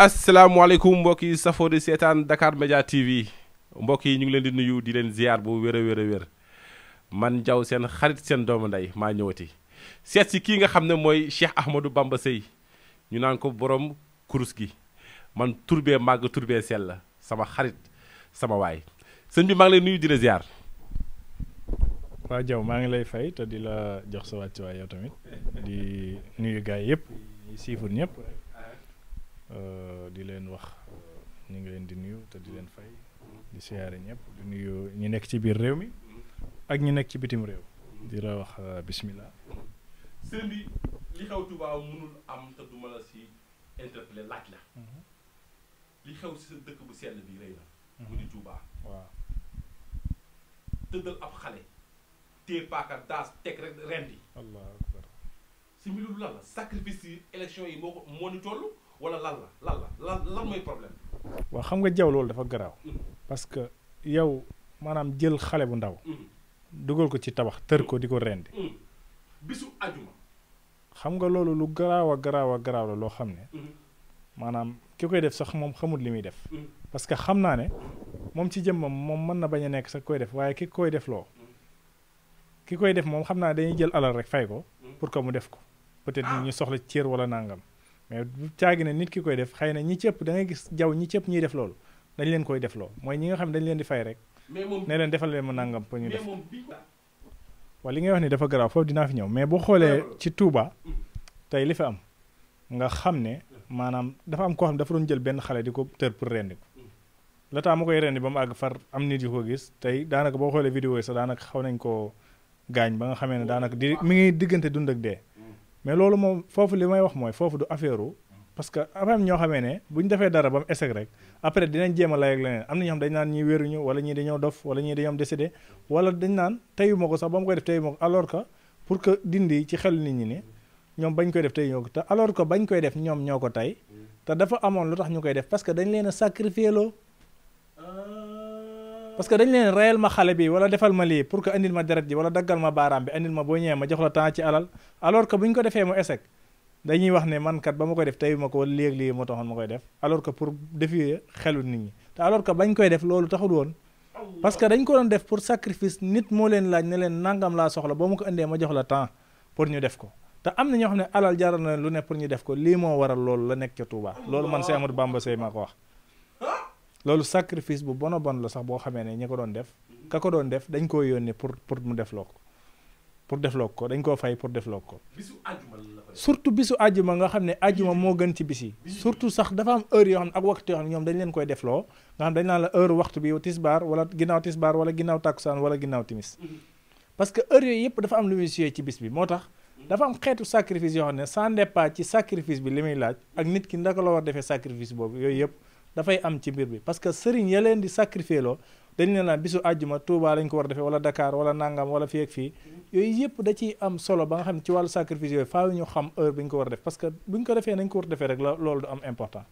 asalaamaaleykum mbokk yi safoo di seetaan Dakar Media TV mbokk yi ñu ngi leen di nuyu di leen ziar bu wér a wér a wér man jaw seen xarit seen doomu ndey maa ñëwati seet si kii nga xam ne mooy Cheikh Ahmadou Bamba Seye ñu naan ko boroom kurus gi man turbee màgg turbee sell la sama xarit sama waay sëñ bi maa ngi lay nuyu di la waa jaw maa ngi lay fay te di la jox sa wàccuwaay yow tamit di nuyu gaay yëpp ñi siifur ñëpp. Euh, di leen wax ñu ngi leen di nuyu te di leen fay di siyaare ñëpp di nuyu ñu nekk ci biir réew mi ak ñi nekk ci bitim réew di la wax euh, bismillah sëriñ bi li xew Tuubaa mënul am te du ma la si interpeller laaj la mhm. li xew si sa dëkk bu sell bi rëy na mhm. mu di Tuubaa waaw tëddal ab xale téye paaka daas teg rek rendi allah akbar si mbirum lan la sacrifice yi élection yi moo ko moo ni toll wala la lan la lan lan xam nga jaw loolu dafa garaaw parce que yow maanaam jël xale bu ndaw mm-hmm. dugal ko ci tabax tër ko di ko rendi mm-hmm. Mm-hmm. bisu ajuma xam nga loolu lu garaaw a garaaw a garaaw la loo xam ne maanaam ki koy def sax moom xamul li muy def parce que xam naa ne moom ci jëmmam moom mën na bañ a nekk sax koy def waaye ki koy def loo ki koy def moom xam naa dañuy jël alal rek fay ko pour que mu def ko peut-être ah! ñu soxla cër wala nangam mais bu caagi ne nit ki koy def xëy na ñi cëpp dangay gis jaw ñi cëpp ñuy def loolu dañ leen koy def loo mooy ñi nga xam ne dañ leen di fay rek ne leen defal leen ma nangam pour ñu def waaw li ngay wax ni dafa garaaw foofu dinaa fi ñëw mais boo xoolee ci Touba mm. tey li fi am nga xam ne maanaam dafa am koo xam ne dafa doon jël benn xale di ko tër pour rendi ko mm. la taa mu koy rendi ba mu àgg far am nit yu ko gis tey daanaka boo xoolee vidéo yi sax daanaka xaw nañ koo gaañ ba nga xamee ne daanaka di mi ngi diggante dund ak dee mais loolu moom foofu li may wax mooy foofu du affaire parce que avant ñoo xamee ne bu ñu defee dara ba mu échec rek après dinañ jéem a lay ak leneen am na ñoo xam dañ naan ñii wéruñu wala ñii dañoo dof wala ñii dañoo am décédé wala dañ naan teyu ma ko sax ba mu koy def teyu ko alors que pour que dindi ci xel nit ñi ni ñoom bañ koy def tey ñoo te alors que bañ koy def ñoom ñoo ko tey te dafa amoon lu tax ñu koy def parce que dañ leen a sacrifié loo euh, parce que dañ leen reyal ma xale bi wala defal ma lii pour que indil ma deret ji wala daggal ma baaraam bi indil ma boo ñëwee ma jox la temps ko defee mu échec dañuy wax ne man ba ma koy def tey ma ko wala léeg lii moo koy def alors que pour défier xelu nit ñi alors bañ koy def loolu taxul woon parce que dañ ko doon def pour sacrifice nit moo leen laaj ne leen nangam laa soxla boo ma ko indee ma jox la temps pour ñu def ko te am na ñoo xam ne alal jaral na leen lu ne pour ñu def ko lii moo waral loolu la nekk ca Touba loolu man Cheikh Amadou Bamba Seye maa ko wax loolu sacrifice bu bon a bon la sax boo xamee ne ñi ko doon def ka ko doon def dañ koo yónnee pour pour mu loo ko pour defloo ko dañ koo fay pour def loo ko. bisu àjjuma la surtout bisu àjjuma nga xam ne àjjuma moo gën ci bis yi. surtout sax dafa am heure yoo xam ne ak waxtu yoo xam ne ñoom dañ leen koy defloo nga xam dañ naan la heure waxtu bi tisbaar wala ginnaaw tisbaar wala ginnaaw takkusaan wala ginnaaw timis. Mhm. parce que heure yooyu yëpp dafa am lu muy suyee ci bis bi moo tax. dafa am xeetu sacrifice yoo xam ne sans départ ci sacrifice bi li muy laaj ak nit ki ndaka la war defee sacrifice boobu yooyu yëpp dafay am ci mbir bi parce que sëriñ ya leen di sacrifier loo dañ ne naan bisu àjjuma Touba lañ ko war defee wala dakaar wala Nangam wala fii ak fii yooyu yëpp da ciy am solo ba nga xam ne ci wàllu sacrifice yooyu faaw ñu xam heure bi ko war a def parce que bu ñu ko defee nañ ko war defee rek la loolu du am important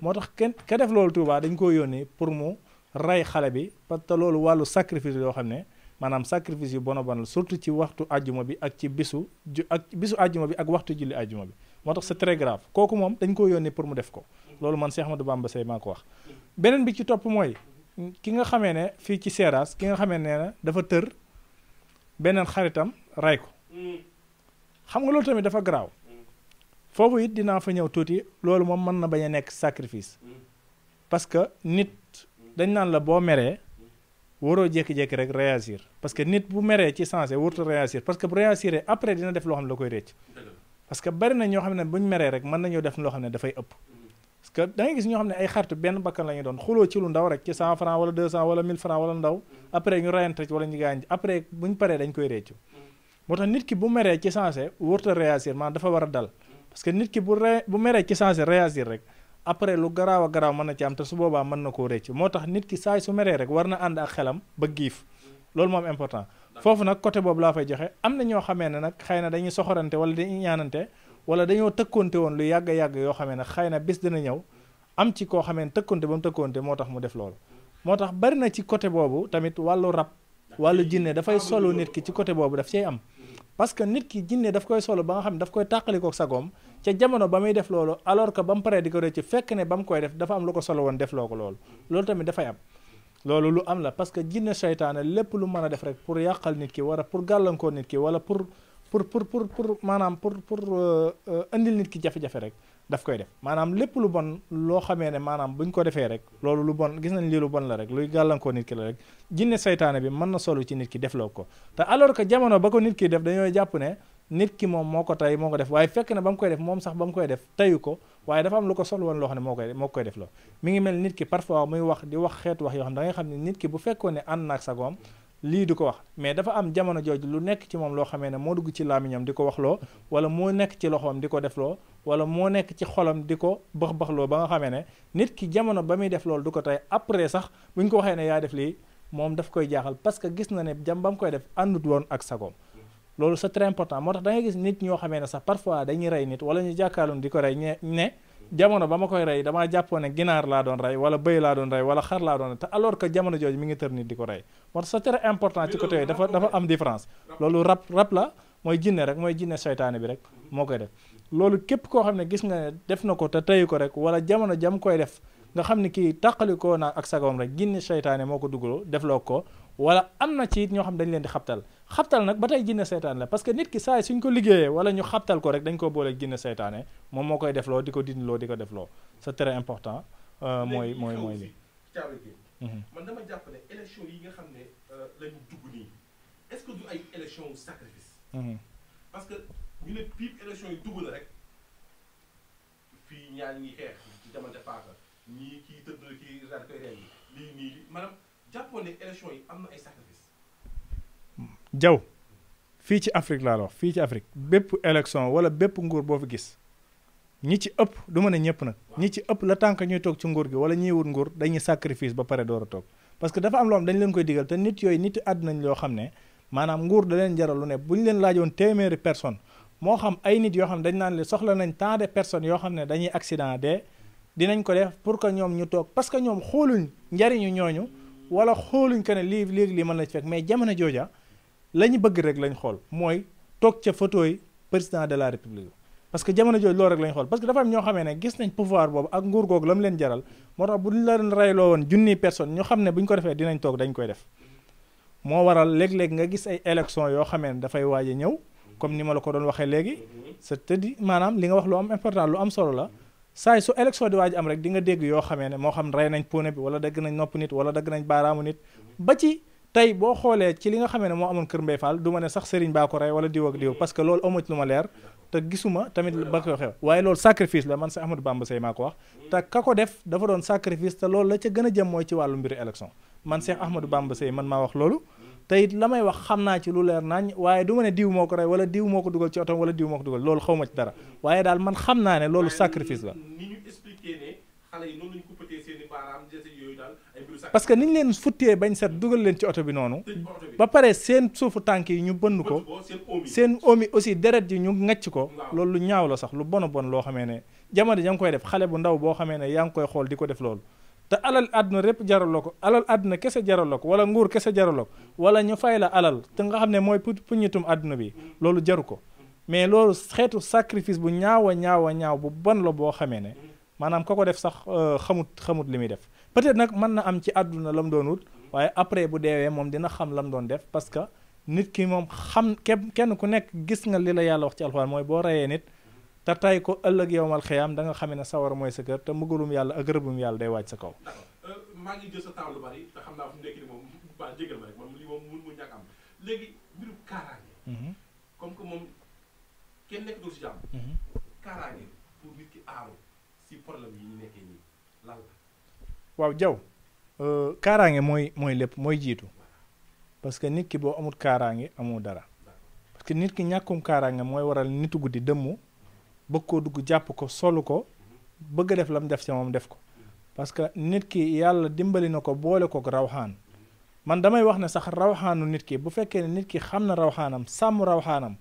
moo tax kenn ka def loolu Touba dañ koy yónnee pour mu rey xale bi parce que loolu wàllu sacrifice yoo xam ne maanaam sacrifice yu bona bonal surtout ci waxtu àjjuma bi ak ci bisu bisu àjjuma bi ak waxtu julli àjjuma bi moo tax c'est kooku moom dañ ko yónnee pour mu def ko loolu man Cheikh Ahmadou Bamba Seye maa ko wax beneen bi ci topp mooy ki nga xamee ne fii ci Seras ki nga xamee ne na dafa tër beneen xaritam ray ko xam nga loolu tamit dafa garaaw foofu it dinaa fa ñëw tuuti loolu moom mën na bañ a nekk sacrifice parce que nit dañ naan la boo meree waroo jékki-jékki rek réagir parce nit bu meree ci sensé warut réagir parce que bu réagiree après dina def loo xam ne la koy rëcc parce que bari na ñoo xam ne bu ñu meree rek mën nañoo def loo xam ne dafay ëpp parce que da ngay gis ñoo xam ne ay xaritu benn bakkan la doon xuloo ci lu ndaw rek ci 100 francs wala 200 wala 1000 francs wala ndaw mm-hmm. après ñu rayante mm-hmm. moo ci sensé wërta a mm-hmm. ci a garaaw mën na ci na koo réccu moo tax nit ki saay su meree rek war na ànd ak xelam ba giif loolu moom important foofu nag côté boobu laa fay joxe am na ñoo xamee ne nag xëy na dañuy soxorante wala dañuy ñaanante wala dañoo tëkkonte woon lu yàgg yàgg yoo xamee ne xëy na bés dina ñëw am ci koo xamee ne tëkkonte ba mu tëkkonte moo tax mu def loolu moo tax bari na ci côté boobu tamit wàllu rab wàllu jinne dafay solo nit ki ci côté boobu daf cay am parce que nit ki jinne daf koy solo ba nga xam ne daf koy sa sagoom ca jamono ba muy def loolu alors que ba mu paree di ko rëcc fekk ne ba mu koy def dafa am lu ko solo woon def loo ko loolu tamit dafay am loolu lu am la parce que jinne seytaane lépp lu mën a def rek pour yàqal nit ki wala pour gàllankoor nit ki wala pour pour pour pour pour maanaam pour pour euh, euh, indil nit ki jafe-jafe rek daf koy def maanaam lépp lu bon loo xamee ne maanaam buñ ko defee rek loolu lu bon gis nañ lii lu bon la rek luy gàllankoo nit ki la rek jinne seytaane bi mën na solu ci nit ki defloo ko te alors que jamono ba ko nit ki def dañoo jàpp ne nit ki moom moo ko tey moo ko def waaye fekk na ba mu koy def moom sax ba mu koy def teyu ko waaye dafa am lu ko sol woon loo xam ne moo koy moo koy def mi ngi mel nit ki parfois muy wax di wax da xam ne nit ki bu fekkoon ne ànd naag sagoom lii du ko wax mais dafa am jamono jooju lu nekk ci moom loo xamee ne moo dugg ci làmmiñam di ko wax loo wala moo nekk ci loxoom di ko defloo loo wala moo nekk ci xolam di ko bax baxloo ba nga xamee ne nit ki jamono ba muy def loolu du ko tey après sax bu ñu ko waxee ne yaa def lii moom daf koy jaaxal parce que gis na ne jam ba mu koy def àndut woon ak sagoom loolu c'est très important moo tax da ngay gis nit ñoo xamee ne sax parfois dañuy rey nit wala ñu jàkkaarloon di ko rey ne jamono ba ma koy rey damaa jàppoon ne ginaar laa doon rey wala bëy laa doon rey wala xar laa doon rey te alors que jamono jooju mi ngi tër nit di ko rey moo tax c'est important ci côté yooyu dafa am différence loolu rab rab la mooy jinne rek mooy jinne seytaane bi rek moo koy def loolu képp koo xam ne gis nga ne def na ko te teyu ko rek wala jamono jam koy def nga xam ne kii tàqalikoo naa ak sagawam rek jinne seytaane moo ko def defloo ko wala am na ci ñoo xam ne dañ leen di xabtal xaptal nag ba tey jinne seytaane la parce que nit ki saay suñ ko liggéeyee wala ñu xabtal ko rek dañ ko boole jinne seytaane moom moo koy defloo di ko dindiloo di ko defloo c'est très important euh, mooy mooy mooy li mhm. man dama yi nga xam ne euh, est-ce que mhm. parce que ñu ne piip élection yi dugg la rek fii ñaar ñi xeex ci jamono paaka ñii kii tëdd kii rajo koy reen yi lii nii ne élection yi am na ay sacrifice jaw fii ci Afrique laa la wax fii ci Afrique bépp élection wala bépp nguur boo fi gis ñi ci ëpp du ma ne ñëpp nag ñi ci ëpp la tànk ñuy toog ci nguur gi wala ñiy wut nguur dañuy sacrifice ba pare door a toog parce que dafa am loo xam dañ leen koy digal te nit yooyu nit àdduna nañ loo xam ne maanaam nguur da leen jaral lu ne bu ñu leen laajoon téeméeri personne moo xam ay nit yoo xam ne dañ naan leen soxla nañ temps de personnes yoo xam ne dañuy accident de dinañ ko def pour que ñoom ñu toog parce que ñoom xooluñ njariñu ñooñu wala xooluñ que ne lii léegi lii mën na ci mais jamono jooja la ñu bëgg rek lañ xool mooy toog ca photo yi président de la république parce que jamono jooju loolu rek lañ xool parce que dafa am ñoo xamee ne gis nañ pouvoir boobu ak nguur googu la mu leen jaral moo tax bu ñu leen reyloo woon junniy personne ñu xam ne bu ñu ko defee dinañ toog dañ koy def moo waral léeg-léeg nga gis ay élection yoo xamee ne dafay waaj a ñëw comme ni ma la ko doon waxee léegi cest à maanaam li nga wax lu am important lu am solo la saay su élection waaj am rek di nga dégg yoo xamee ne moo xam rey nañ puune bi wala dagg nañ nopp nit wala dagg nañ baaraamu nit ba ci tey boo xoolee ci li nga xamee ne moo amoon Kër Mbaye Fall ne sax Serigne Ba ko rey wala diw ak diw parce que loolu amu ci lu ma leer te gisuma tamit ba ko xew waaye loolu sacrifice la man sa Ahmadou Bamba Seye maa ko ko def dafa doon sacrifice te loolu la ca gën a jëm mooy ci wàllu mbiru élection man Bamba Seye man maa wax loolu te it la may wax xam naa ci lu leer naañ waaye du ma ne diw moo ko rey wala diw moo ko dugal ci otom wala diw moo ko dugal loolu xaw ma ci dara waaye daal man xam naa ne loolu sacrifice la xale yi noonu parce que niñ leen futtee bañ set dugal leen ci oto bi noonu ba pare seen suufu tànk yi ñu bënn ko seen omi aussi deret yi ñu ngacc ko loolu lu ñaaw la sax lu bon bon loo xamee ne jamono ja nga koy def xale bu ndaw xamee ne yaa ngi koy xool di ko def loolu àdduna répp jaraloo ko alal àdduna kese jaraloo ko wala nguur kese jaraloo wala ñu fay la alal te nga xam ne mooy puñitum àdduna bi loolu jaru ko mais loolu xeetu sacrifice bu ñaaw a ñaaw a ñaaw bu bon la boo xamee ne maanaam ka ko def sax euh, xamut xamut li muy def peut-être nag mën na am ci àdduna la mu doon wut waaye après bu deewee moom dina xam la mu doon def parce que nit ki moom xam kenn ku nekk gis nga li la yàlla wax ci alxuraan mooy boo reyee nit te tay ko ëllëg yowmal xiyaam da nga xamee ne sawar mooy sa kër te mbugalum yàlla ak rëbbum yàlla day wàcc sa kaw. Euh, maa ngi jël sa temps lu bari te xam naa fu mu nekk am léegi mhm. que moom waaw jaw euh, kaaraange mooy mooy lépp mooy jiitu parce que nit ki boo amul kaaraange amoo dara parce nit ki ñàkkum kaaraange mooy waral nitu guddi dëmm bëgg koo dugg jàpp ko solu ko bëgg def la mu def si moom def ko parce que nit ki yàlla dimbali na ko boole kook rawxaan man damay wax ne sax rawxaanu nit ki bu fekkee ne nit ki xam na rawxaanam sàmm rawxaanam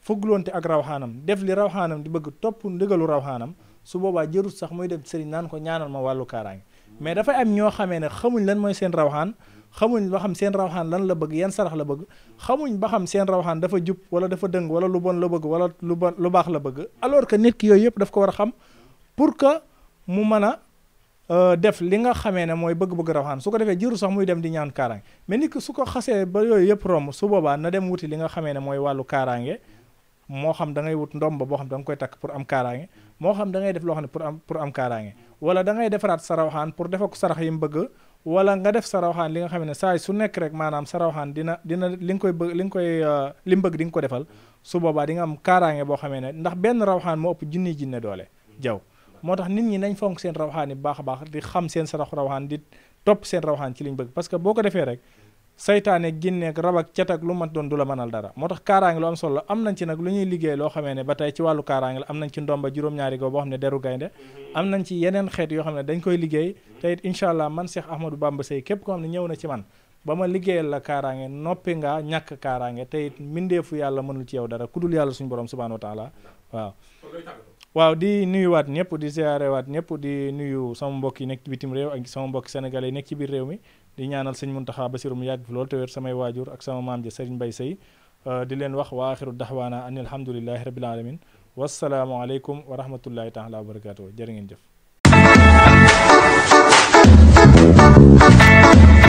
fugloonte ak rawxaanam def li rawxaanam di bëgg topp ndigalu rawxaanam su boobaa jërut sax muy dem sëriñ naan ko ñaanal ma wàllu kaaraange mais dafay am ñoo xamee ne xamuñ lan mooy seen rawxaan xamuñ ba xam seen rawxaan lan la bëgg yan sarax la bëgg xamuñ ba xam seen rawxaan dafa jub wala dafa dëng wala lu bon la bëgg wala lu bon lu baax la bëgg alors que nit yooyu yëpp daf ko war a xam pour que mu mën a euh, def li nga xamee ne mooy bëgg-bëgg rawxaan su ko defee jiru sax muy dem di ñaan kaaraange mais nit ki su ko xasee ba yooyu yëpp romb su boobaa na dem wuti li nga xamee ne mooy wàllu kaaraange moo xam dangay ngay wut ndomba boo xam da koy takk pour am kaaraange moo xam da ngay loo xam ne pour am pour am kaaraange wala dangay defaraat sa rawxaan pour defa ko sarax yi mu bëgg wala nga def sa rawxaan li nga xam ne saa su nekk rek maanaam sa rawxaan dina dina li nga koy bëgg li nga koy euh, li mu di nga ko defal su boobaa di nga am kaaraange boo xamee ne ndax benn rawxaan moo ëpp junni jinne doole jaw moo tax nit ñi nañ fonk seen rawxaan yi baax a baax di xam seen sarax rawxaan di topp seen rawxaan ci liñ bëgg parce que boo ko defee rek saytaane ginneeg rab ak cat ak lu mat doon du la mënal dara moo tax kaaraange lu am solo am nañ ci nag lu ñuy liggéey loo xamee ne ba tey ci wàllu kaaraange la am nañ ci ndomba juróom-ñaari go boo xam ne deru gaynde am nañ ci yeneen xeet yoo xam ne dañ koy liggéey te it incha allah man Cheikh Ahmadou Bamba Seye képp ko xam ñëw na ci man ba ma liggéeyal la kaaraange noppi nga ñàkk kaaraange te it mbindeefu yàlla mënul ci yow dara ku dul yàlla suñu borom subhanahu wa taala waaw waaw di nuyuwaat ñëpp di ziarewaat ñëpp di nuyu sama mbokk yi nekk ci bitim réew ak sama mbokki sénégalais yi nekk ci biir réew mi di ñaanal sëñ Muntaxa Basiru mu yàgg fi lool te wér samay waajur ak sama maam ja sëriñ Mbay Sey euh, di leen wax wa axiru daxwaana an alhamdulilahi rabil alamin wasalaamualeykum wa rahmatullahi taala wa barakatuh jërë ngeen jëf